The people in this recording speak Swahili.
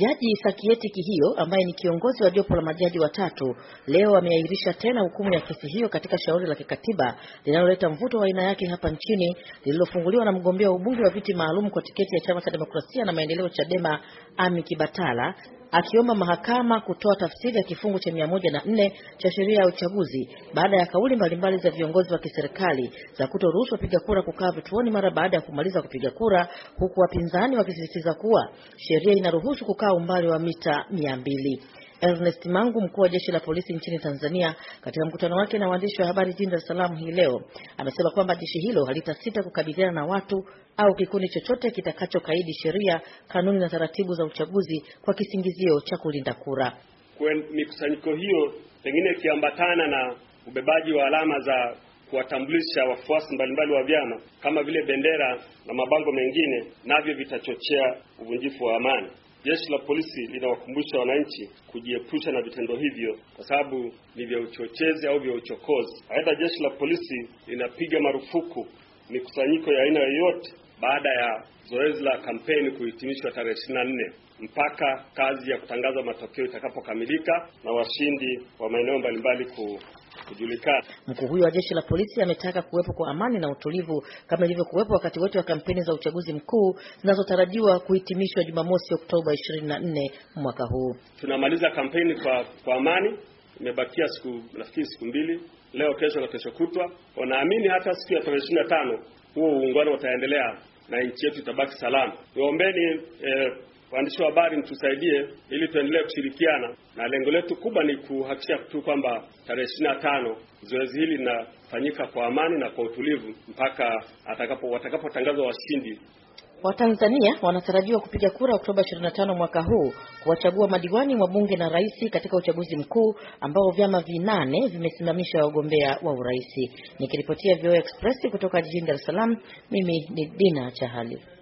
Jaji Sakieti Kihio ambaye ni kiongozi wa jopo la majaji watatu leo ameahirisha tena hukumu ya kesi hiyo katika shauri la kikatiba linaloleta mvuto wa aina yake hapa nchini lililofunguliwa na mgombea wa ubunge wa viti maalum kwa tiketi ya Chama cha Demokrasia na Maendeleo, Chadema, Ami Kibatala akiomba mahakama kutoa tafsiri ya kifungu cha na nne cha sheria ya uchaguzi baada ya kauli mbalimbali za viongozi wa kiserikali za kutoruhusu wapiga kura kukaa vituoni mara baada ya kumaliza kupiga kura, huku wapinzani wakisisitiza kuwa sheria inaruhusu kukaa umbali wa mita mia mbili Ernest Mangu, mkuu wa jeshi la polisi nchini Tanzania, katika mkutano wake na waandishi wa habari jijini Dar es Salaam hii leo, amesema kwamba jeshi hilo halitasita kukabiliana na watu au kikundi chochote kitakachokaidi sheria, kanuni na taratibu za uchaguzi kwa kisingizio cha kulinda kura. Kwa mikusanyiko hiyo pengine ikiambatana na ubebaji wa alama za kuwatambulisha wafuasi mbalimbali wa vyama kama vile bendera na mabango mengine, navyo vitachochea uvunjifu wa amani. Jeshi la polisi linawakumbusha wananchi kujiepusha na vitendo hivyo kwa sababu ni vya uchochezi au vya uchokozi. Aidha, jeshi la polisi linapiga marufuku mikusanyiko ya aina yoyote baada ya zoezi la kampeni kuhitimishwa tarehe ishirini na nne mpaka kazi ya kutangaza matokeo itakapokamilika na washindi wa maeneo mbalimbali ku kujulikana. Mkuu huyo wa jeshi la polisi ametaka kuwepo kwa amani na utulivu kama ilivyokuwepo wakati wote wa kampeni za uchaguzi mkuu zinazotarajiwa kuhitimishwa Jumamosi Oktoba 24 mwaka huu. Tunamaliza kampeni kwa, kwa amani. Imebakia siku nafikiri siku mbili, leo, kesho na kesho kutwa. Wanaamini hata siku ya tarehe 25 huo uungwano utaendelea na nchi yetu itabaki salama. Niombeni eh, Waandishi wa habari mtusaidie, ili tuendelee kushirikiana, na lengo letu kubwa ni kuhakikisha tu kwamba tarehe ishirini na tano zoezi hili linafanyika kwa amani na kwa utulivu mpaka atakapo watakapotangazwa washindi. Watanzania wanatarajiwa kupiga kura Oktoba 25 mwaka huu kuwachagua madiwani wa bunge na rais katika uchaguzi mkuu ambao vyama vinane vimesimamisha wagombea wa urais. Nikiripotia VOA Express kutoka jijini Dar es Salaam, mimi ni Dina Chahali.